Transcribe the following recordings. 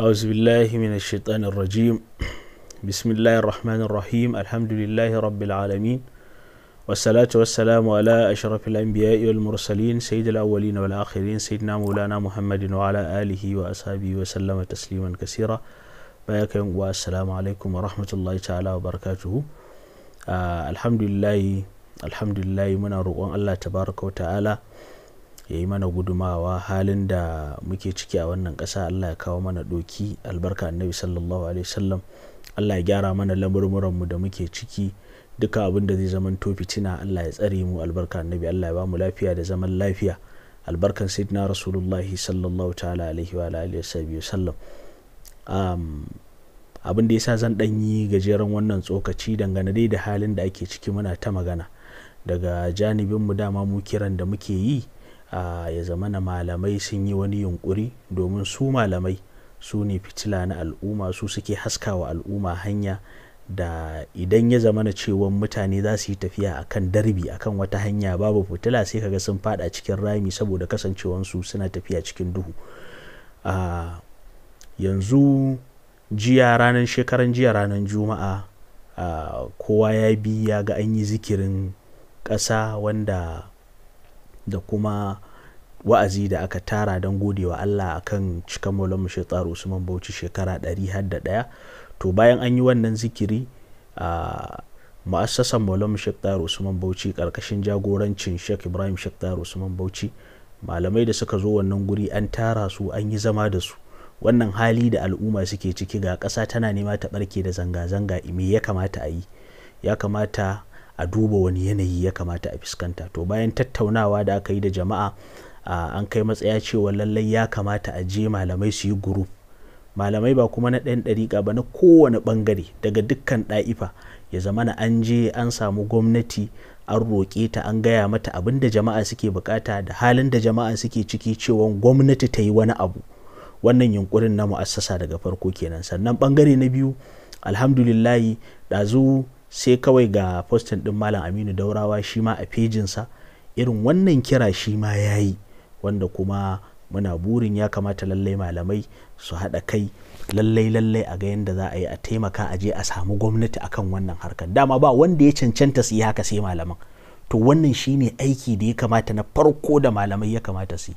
أعوذ بالله من الشيطان الرجيم بسم الله الرحمن الرحيم الحمد لله رب العالمين والصلاة والسلام على أشرف الأنبياء والمرسلين سيد الأولين والآخرين سيدنا مولانا محمد وعلى آله وأصحابه وسلم تسليما كثيرا بياكم والسلام عليكم ورحمة الله تعالى وبركاته آه الحمد لله الحمد لله من رؤون الله تبارك وتعالى ya yi mana gudumawa halin da muke ciki a wannan ƙasa Allah ya kawo mana doki albarka annabi sallallahu alaihi wasallam Allah ya gyara mana lamurmuranmu da muke ciki duka abin da zai zaman to fitina Allah ya tsare mu albarka annabi Allah ya ba mu lafiya da zaman lafiya albarkan sayyidina rasulullah sallallahu ta'ala alaihi wa alihi wasallam um, abin da yasa zan dan yi gajeren wannan tsokaci dangane dai da halin da ake ciki muna ta magana daga janibin mu dama mu kiran da muke yi ya zamana malamai sun yi wani yunkuri domin su malamai su ne fitila na al'umma su suke haskawa al'umma hanya da idan ya zamana cewan mutane za su yi tafiya a kan darbi a kan wata hanya babu fitila sai kaga sun fada cikin rami saboda kasancewansu suna tafiya cikin duhu a yanzu jiya ranar shekaran jiya ranar juma'a kowa ya bi ya ga an yi zikirin ƙasa wanda da kuma wa'azi da aka tara don wa Allah a akan cikan Maulana Shaitar Usman Bauchi shekara ɗari ɗaya to bayan an yi wannan zikiri a mu'assasan Maulana Shaitar Usman Bauchi karkashin jagorancin Sheikh Ibrahim Shaitar Usman Bauchi malamai da suka zo wannan guri an tara su an yi zama da su wannan hali da al'umma suke ciki ga ƙasa tana nema ta barke da zanga-zanga me ya kamata a yi ya kamata a duba wani yanayi ya kamata a fuskanta to bayan tattaunawa da aka yi da jama'a an kai matsaya cewa lallai ya kamata a je malamai su yi guruf malamai ba kuma na ɗayan ɗariƙa ba na kowane ɓangare daga dukkan ɗa'ifa ya zama na an je an samu gwamnati an roƙe ta an gaya mata abin da jama'a suke bukata da halin da jama'a suke ciki cewa gwamnati ta yi wani abu wannan yunkurin na mu'assasa daga farko kenan sannan ɓangare na biyu alhamdulillahi ɗazu sai kawai ga postin ɗin malam aminu daurawa shi ma a fejinsa irin wannan kira shi ma ya yi wanda kuma muna burin ya kamata lallai malamai su haɗa kai lallai lallai a ga yadda za a yi a taimaka a je a samu gwamnati akan wannan harkar dama ba wanda ya cancanta su yi haka sai malaman to wannan shine aiki da ya kamata na farko da malamai ya kamata su yi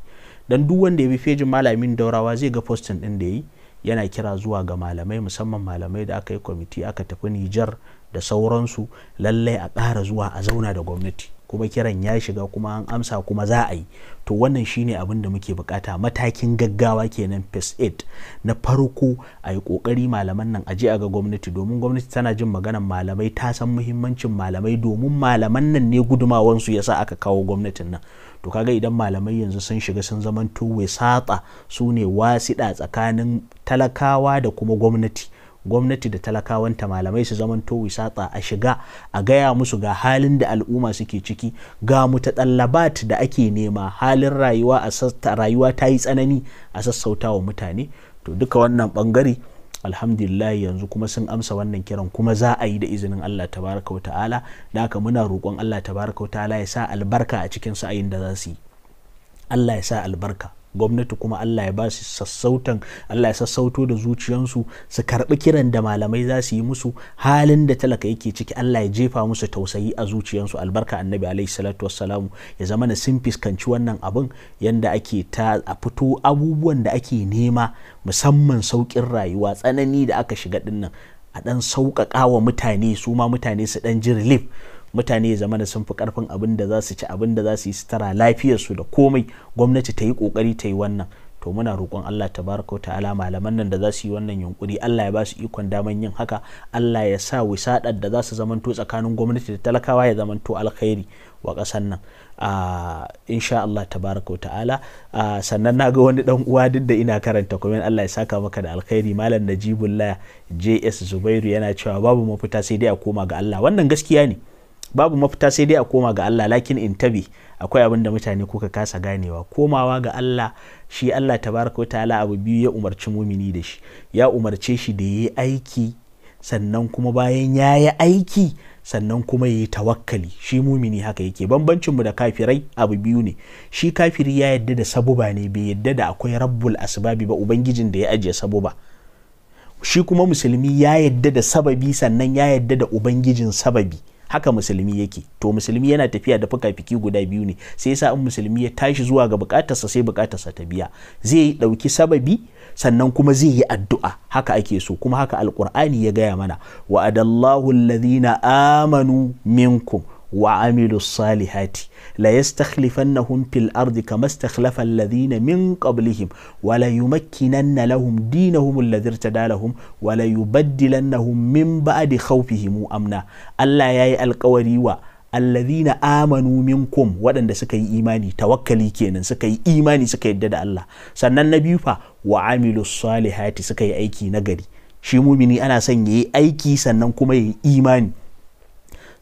don duk wanda ya bi fejin malamin daurawa zai ga postin ɗin da ya yi yana kira zuwa ga malamai musamman malamai da aka yi kwamiti aka tafi nijar da sauransu lallai a ƙara zuwa a zauna da gwamnati kuma kiran ya shiga kuma an amsa kuma za a yi to wannan shine abin da muke bukata matakin gaggawa kenan first aid na farko a yi kokari malaman nan aje a ga gwamnati domin gwamnati tana jin maganan malamai ta san muhimmancin malamai domin malaman nan ne gudumawansu yasa aka kawo gwamnatin nan to kaga idan malamai yanzu sun shiga sun zamanto wisatsa su ne wasiɗa tsakanin talakawa da kuma gwamnati gwamnati da talakawanta malamai su zamanto wisatsa a shiga a gaya musu ga halin da al'umma suke ciki ga mutatallabat da ake nema halin rayuwa a rayuwa ta yi tsanani a sassautawa mutane to duka wannan bangare alhamdulillah yanzu kuma sun amsa wannan kiran kuma za a yi da izinin Allah tabaraka wa ta'ala da haka muna roƙon Allah tabaraka wa ta'ala ya sa albarka a cikin sa'ayin da za su yi Allah ya sa albarka gwamnati kuma Allah ya ba su sassautan Allah ya sassauto da zuciyansu su karbi kiran da malamai za su yi musu halin da talaka yake ciki Allah ya jefa musu tausayi a zuciyansu albarka annabi alaihi salatu wassalamu ya zama na sun fiskanci wannan abun yanda ake ta a fito abubuwan da ake nema musamman saukin rayuwa tsanani da aka shiga dinnan a dan sauƙaƙa wa mutane su ma mutane su dan ji mutane ya zama da sun fi karfin abin da za su ci abin da za su yi sutura lafiyarsu da komai gwamnati ta yi kokari ta yi wannan to muna roƙon Allah ta ta'ala malaman nan da za su yi wannan yunkuri Allah ya ba su ikon daman yin haka Allah ya sa wisaɗar da za su zamanto tsakanin gwamnati da talakawa ya zamanto alkhairi wa ƙasar nan insha Allah ta ta'ala sannan na ga wani dan uwa duk da ina karanta kuma Allah ya saka maka da alkhairi malam najibullah JS Zubairu yana cewa babu mafita sai dai a koma ga Allah wannan gaskiya ne babu mafita sai dai a koma ga Allah lakin in tabi akwai abin da mutane kuka kasa ganewa komawa ga Allah shi Allah tabaraka wa ta'ala abu biyu ya umarci mumini da shi ya umarce shi da yayi aiki sannan kuma bayan ya yi aiki sannan kuma ya yi tawakkali shi mumini haka yake bambancin mu da kafirai abu biyu ne shi kafiri ya yadda da sabuba ne bai yadda da akwai rabbul asbabi ba ubangijin da ya ajiye sabuba shi kuma musulmi ya yadda da sababi sannan ya yadda da ubangijin sababi haka musulmi yake to musulmi yana tafiya da fuka-fiki guda biyu ne sai yasa in musulmi ya tashi zuwa ga bukatarsa sai bukatarsa ta biya zai dauki sababi sannan kuma zai yi addu'a haka ake so kuma haka alkur'ani ya gaya mana wa'adallahu alladhina amanu minkum wa amilu salihati la yastakhlifannahum fil ardi kama istakhlafa alladhina min qablihim wa la yumakkinanna lahum dinahum alladhi irtadalahum wa la yubaddilannahum min ba'di khawfihim amna Allah ya yi alƙawari wa alladhina amanu minkum waɗanda suka yi imani tawakkali kenan suka yi imani suka yadda da Allah sannan na biyu fa wa amilu salihati suka yi aiki nagari shi mumini ana son yayi aiki sannan kuma yayi imani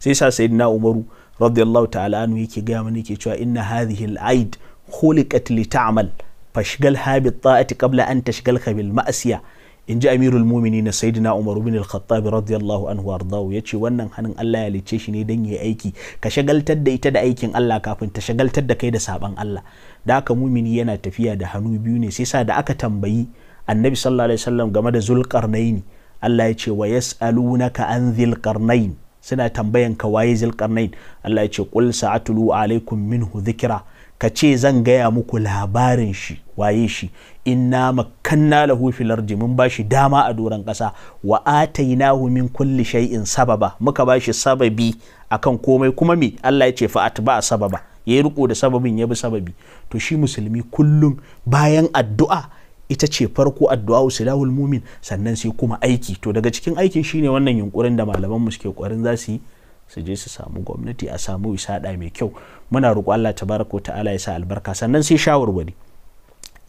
sai sa sayyidina umaru radiyallahu ta'ala anhu yake gaya mana yake cewa inna hadhihi al-aid khuliqat li ta'mal fashgal ha bi ta'ati qabla an tashgal ka bil ma'siya in ji amirul mumini na sayyidina umar bin al-khattab radiyallahu anhu ardahu yace wannan hannun Allah ya lice shi ne dan yayi aiki ka shagaltar da ita da aikin Allah kafin ta shagaltar da kai da saban Allah da haka mumini yana tafiya da hannu biyu ne sai sa da aka tambayi annabi sallallahu alaihi wasallam game da zulqarnaini Allah ya ce wa yas'alunaka an dhil suna tambayan ka waye zulkarnain Allah ya ce qul sa'atulu alaikum minhu dhikra ka ce zan gaya muku labarin shi waye shi inna makanna lahu fil ardi mun bashi dama a doran kasa wa atainahu min kulli shay'in sababa muka bashi sababi akan komai kuma me Allah ya ce fa atba sababa yayi riko da sababin ya bi sababi to shi musulmi kullun bayan addu'a ita ce farko addu'a silahul mumin sannan sai kuma aiki to daga cikin aikin shine wannan yunkurin da malaman mu suke ƙoƙarin za su yi su je su samu gwamnati a samu wisada mai kyau muna roƙo Allah tabaraka ta'ala ya sa albarka sannan sai shawarwari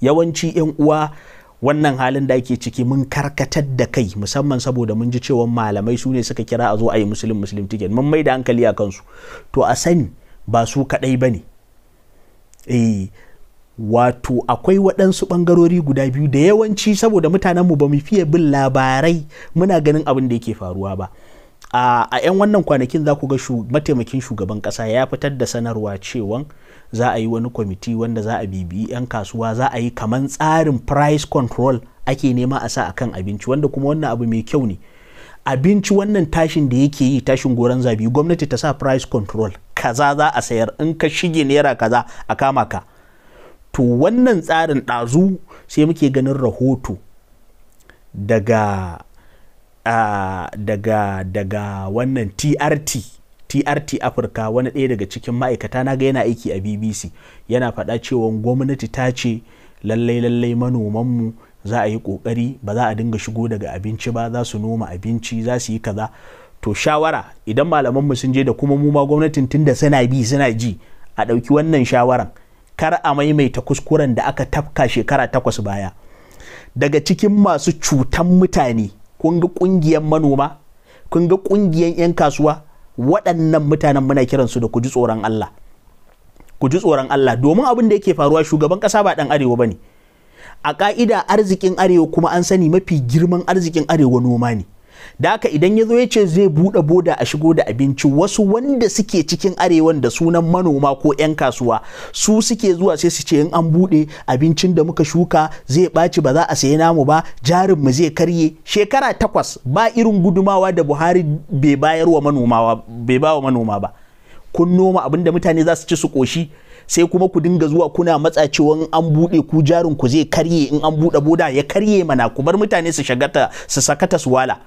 yawanci yan uwa wannan halin da ake ciki mun karkatar da kai musamman saboda mun ji cewa malamai su ne suka kira a zo a yi musulun musulun ticket mun mai da hankali a kansu to a sani ba su kaɗai ba ne eh, wato akwai waɗansu ɓangarori guda biyu da yawanci saboda mutanenmu ba mu fiye bin labarai muna ganin abin da yake faruwa ba a 'yan wannan kwanakin za ku ga mataimakin shugaban ƙasa ya fitar da sanarwa cewa za a yi wani kwamiti wanda za a bibiyi 'yan kasuwa za a yi kamar tsarin price control ake nema a sa a kan abinci wanda kuma wannan abu mai kyau ne abinci wannan tashin da yake yi tashin goron zabi gwamnati ta sa price control kaza za a sayar in ka shige naira kaza a kama ka to wannan tsarin ɗazu sai muke ganin rahoto daga uh, daga daga wannan trt TRT Afirka wani ɗaya daga cikin ma'aikata na ga yana aiki a BBC yana faɗa cewa gwamnati ta ce lallai lallai manomanmu za a yi ƙoƙari ba za a dinga shigo daga abinci ba za su noma abinci za su yi kaza to shawara idan malamanmu sun je da kuma mu ma gwamnatin tunda suna bi suna ji a ɗauki wannan shawaran kar a maimaita kuskuren da aka tafka shekara takwas baya daga cikin masu cutan mutane kun ga kungiyar manoma kun ga kungiyar 'yan kasuwa waɗannan mutanen muna kiransu da kuji tsoron Allah ku tsoron Allah domin abin da yake faruwa shugaban ƙasa ba ɗan arewa ba ne a ƙa'ida arzikin arewa kuma an sani mafi girman arzikin arewa noma ne da haka idan ya zo ya ce zai buɗe boda a shigo da abinci wasu wanda suke cikin arewan da sunan manoma ko 'yan kasuwa su suke zuwa sai su ce in an buɗe abincin da muka shuka zai ɓaci ba za a sayi namu ba jarin mu zai karye shekara takwas ba irin gudumawa da buhari bai bayar manoma bawa manoma ba kun noma abin da mutane za su ci su koshi sai kuma ku dinga zuwa kuna matsa cewa an buɗe ku jarin ku zai karye in an buɗe boda ya karye mana ku bar mutane su shagata su sakata su wala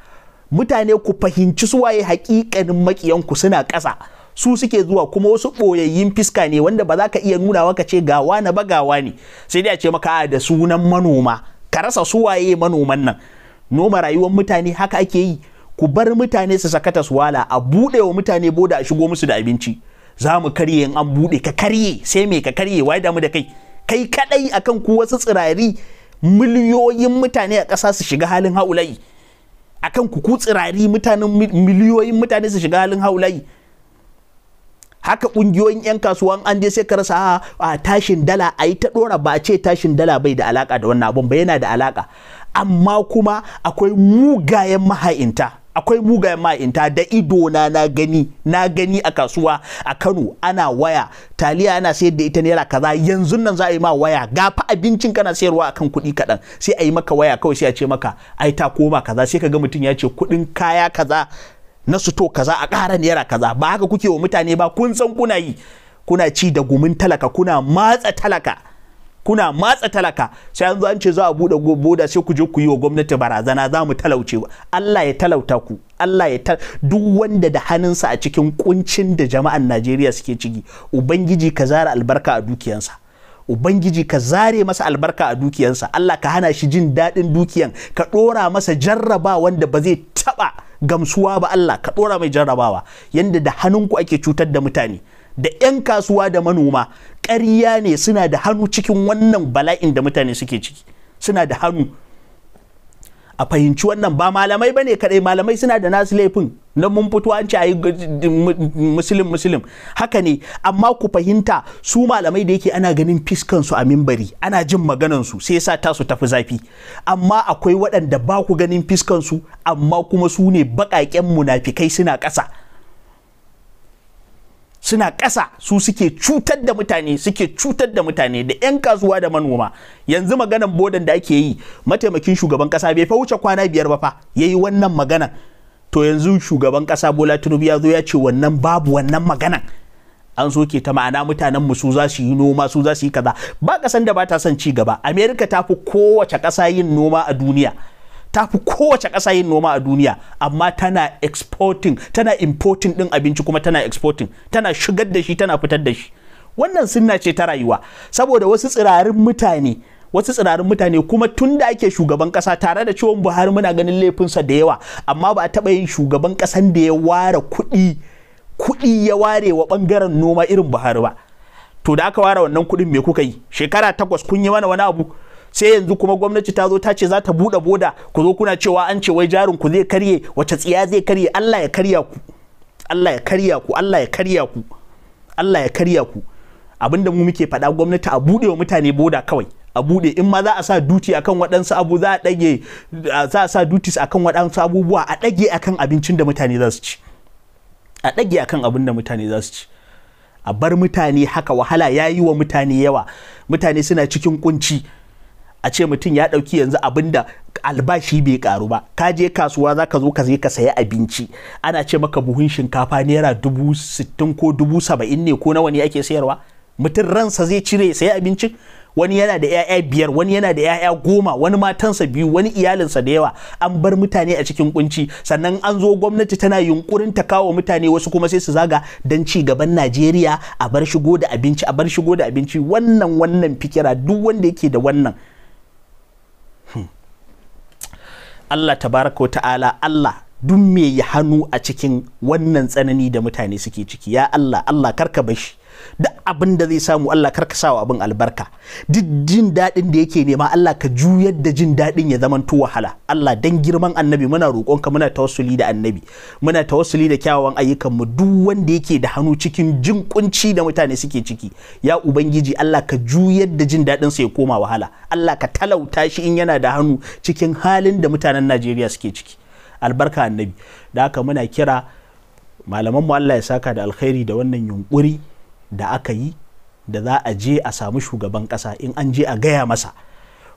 mutane ku fahimci su waye hakikanin makiyanku suna ƙasa su suke zuwa kuma wasu ɓoyayyun fiska ne wanda ba za ka iya nunawa ka ce gawa na ba gawa ne sai dai a ce maka da sunan manoma ka rasa su waye manoman nan noma rayuwar mutane haka ake yi ku bar mutane su sakata su wala a buɗe wa mutane boda a shigo musu da abinci za mu karye in an buɗe ka karye sai me ka karye waye damu da kai kai kadai akan ku wasu tsirari miliyoyin mutane a ƙasa su shiga halin haulai. akan ku tsirari mutanen miliyoyin mutane su shiga halin haulayi haka kungiyoyin 'yan kasuwan an je sai ka rasa a tashin dala a yi ta dora ba a ce tashin dala bai da alaka da wannan abun ba yana da alaka amma kuma akwai mugayen maha'inta akwai mugayen ma'inta da ido na gani na gani a kasuwa a Kano ana waya taliya ana sayar da ita naira kaza yanzu nan za a yi ma waya gafa abincin kana sayarwa akan kuɗi kaɗan sai a yi maka waya kawai sai a ce maka ai ta koma kaza sai ka ga mutum ya ce kuɗin kaya kaza na suto kaza a ƙara naira kaza ba haka kuke wa mutane ba kun san kuna yi kuna ci da gumin talaka kuna matsa talaka kuna matsa talaka sai an an ce za a buɗe boda sai ku je ku yi wa gwamnati barazana za mu talauce Allah ya talauta ku Allah ya duk wanda da hannunsa a cikin kuncin da jama'an Najeriya suke ciki ubangiji ka zara albarka a dukiyansa Ubangiji ka zare masa albarka a dukiyansa Allah ka hana shi jin daɗin dukiyan ka ɗora masa jarraba wanda ba zai taɓa gamsuwa ba Allah ka ɗora mai jarrabawa yanda da hannunku ake cutar da mutane da 'yan kasuwa da manoma ƙarya ne suna da hannu cikin wannan bala'in da mutane suke ciki suna da hannu a fahimci wannan ba malamai bane kadai malamai suna da nasu laifin na mun fito an ce ayi musulun musulun haka ne amma ku fahimta su malamai da yake ana ganin fiskansu a mimbari ana jin maganan su sai sa tasu tafi zafi amma akwai waɗanda ba ku ganin fiskan su amma kuma su ne baƙaƙen munafikai suna ƙasa suna ƙasa su suke cutar da mutane suke cutar da mutane da 'yan kasuwa da manoma yanzu maganan bodan da ake yi mataimakin shugaban ƙasa bai fa wuce kwana biyar ba fa ya yi wannan maganan to yanzu shugaban ƙasa bola tinubu ya zo ya ce wannan babu wannan maganan an soke ta ma'ana mutanen mu su za su yi noma su za su yi kaza ba ƙasan da ba ta son ci gaba amerika ta fi kowace ƙasa yin noma a duniya ta fi kowace ƙasa yin noma a duniya amma tana exporting tana importing ɗin abinci kuma tana exporting tana shigar da shi tana fitar da shi wannan sunna ce ta rayuwa saboda wasu tsirarin mutane wasu tsirarin mutane kuma tun da ake shugaban ƙasa tare da ciwon buhari muna ganin laifinsa da yawa amma ba a taɓa yin shugaban ƙasan da ya ware kuɗi kuɗi ya ware wa ɓangaren noma irin buhari ba to da aka ware wannan kuɗin me kuka yi shekara takwas kun yi mana wani abu sai yanzu kuma gwamnati ta zo ta ce za ta buɗe boda ku zo kuna cewa an ce wai jarin ku zai karye wace tsiya zai karye Allah ya karya ku Allah ya karya ku Allah ya karya ku Allah ya karya ku abinda mu muke faɗa gwamnati a buɗe wa mutane boda kawai a buɗe in ma za a sa duti akan waɗansu abu za a ɗage za a sa dutis akan waɗansu abubuwa a ɗage akan abincin da mutane za su ci a ɗage akan abin da mutane za su ci a bar mutane haka wahala ya yi wa mutane yawa mutane suna cikin kunci a ce mutum ya ɗauki yanzu abin da albashi bai karu ba ka je kasuwa za ka zo ka ka saya abinci ana ce maka buhun shinkafa naira dubu sittin ko dubu saba'in ne ko nawa ne ake sayarwa mutum ransa zai cire saya abincin wani yana da 'ya'ya biyar wani yana da 'ya'ya goma wani matansa biyu wani iyalinsa da yawa an bar mutane a cikin kunci sannan an zo gwamnati tana yunkurin ta kawo mutane wasu kuma sai su zaga don ci gaban najeriya a bar shigo da abinci a bar shigo da abinci wannan wannan fikira duk wanda yake da wannan Allah tabaraka wa ta'ala Allah duk me ya hannu a cikin wannan tsanani da mutane suke ciki ya Allah Allah karka bashi duk abin da zai samu Allah karka wa abin albarka duk jin daɗin da yake nema Allah ka juyar da jin daɗin ya zaman to wahala Allah dan girman annabi muna roƙonka muna tawassuli da annabi muna tawassuli da kyawawan ayyukan mu duk wanda yake da hannu cikin jin kunci da mutane suke ciki ya ubangiji Allah ka juyar da jin daɗin sa ya koma wahala Allah ka talauta shi in yana da hannu cikin halin da mutanen Najeriya suke ciki albarka annabi da haka muna kira malamanmu Allah ya saka da alkhairi da wannan yunkuri da aka yi da za a je a samu shugaban ƙasa in an je a gaya masa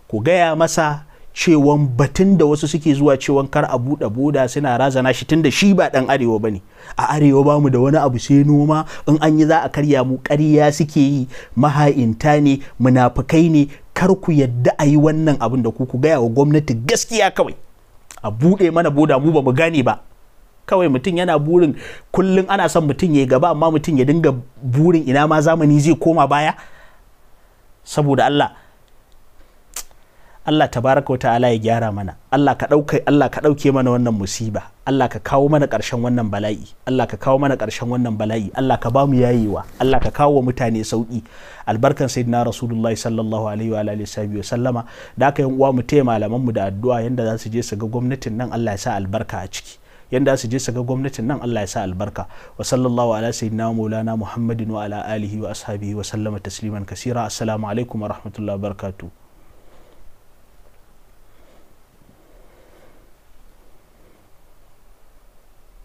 ku gaya masa cewan batun da wasu suke zuwa cewan kar a buɗe boda suna razana shi tunda shi ba ɗan arewa ba ne a arewa ba mu da wani abu sai noma in an yi za a karya mu ƙarya suke yi maha'inta ne munafukai ne kar ku yadda a yi wannan abin da ku ku gaya wa gwamnati gaskiya kawai a buɗe mana boda mu ba mu gane ba kawai mutum yana burin kullum ana son mutum ya yi gaba amma mutum ya dinga burin ina ma zamani zai koma baya saboda Allah Allah tabaraka ta'ala ya gyara mana Allah ka ɗauke Allah ka ɗauke mana wannan musiba Allah ka kawo mana ƙarshen wannan bala'i Allah ka kawo mana ƙarshen wannan bala'i Allah ka ba mu yayewa Allah ka kawo wa mutane sauki albarkan sayyidina rasulullahi sallallahu alaihi wa alihi wa sallama da aka yi uwa mu taya malaman mu da addu'a yanda za su je su ga gwamnatin nan Allah ya sa albarka a ciki yanda su je su ga gwamnatin nan Allah ya sa albarka wa sallallahu ala sayyidina maulana muhammadin wa ala alihi wa ashabihi wa sallama tasliman kasira assalamu alaikum wa rahmatullahi wa barakatuh